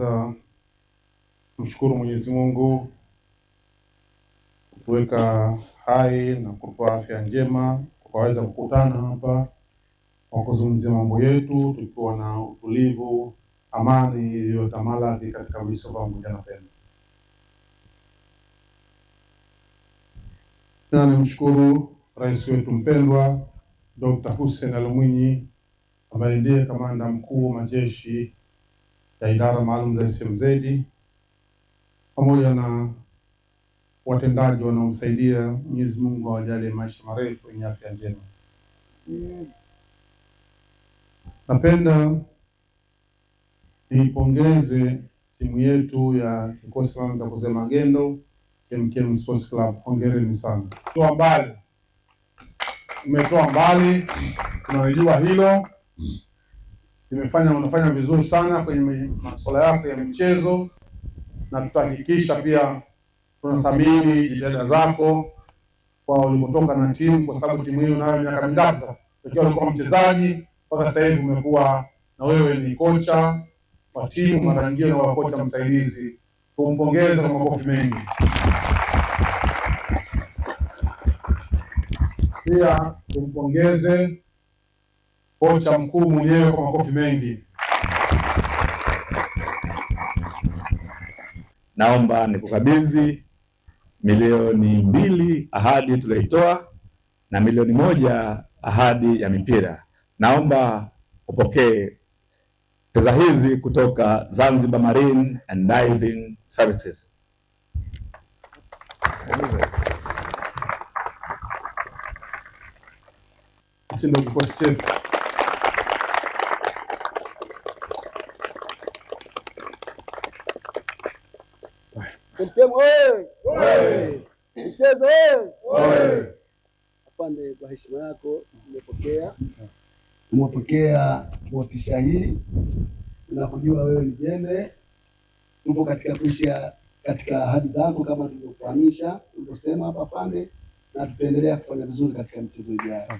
kwanza tumshukuru Mwenyezi Mungu kutuweka hai na kutupa afya njema, kwaweza kukutana hapa kwa kuzungumzia mambo yetu tukiwa na utulivu, amani iliyotamalaki katika viso pamoja na pendo. Na nimshukuru rais wetu mpendwa Dr. Hussein Ali Mwinyi ambaye ndiye kamanda mkuu wa majeshi ya idara maalum za SMZ pamoja na watendaji wanaomsaidia. Mwenyezi Mungu awajalie maisha marefu yenye afya njema. Napenda niipongeze timu yetu ya kikosi maalum cha kuzia magendo KMKM Sports Club, hongereni sana. Toa mbali, umetoa mbali, tunajua hilo imefanya unafanya vizuri sana kwenye masuala yako ya michezo, na tutahakikisha pia tunathamini jitihada zako kwa ulipotoka na timu, kwa sababu timu hiyo nayo miaka mingapi sasa, ukiwa ulikuwa mchezaji mpaka sasa hivi umekuwa na wewe ni kocha wa timu, mara nyingine wa kocha msaidizi. Kumpongeza kwa makofi mengi. Pia tumpongeze kocha mkuu mwenyewe kwa makofi mengi. Naomba nikukabidhi milioni mbili ahadi tuliyoitoa na milioni moja ahadi ya mipira. Naomba upokee pesa hizi kutoka Zanzibar Marine and Diving Services. kikosi chetu. Mtemu eh! oye! Mchezo eh! oye! kwa heshima yako nimepokea umepokea motisha hii na kujua wewe ni jembe, upo katika kuisha katika ahadi zako kama tulivyofahamisha, ulivyosema hapa pande, na tutaendelea kufanya vizuri katika mchezo ijayo.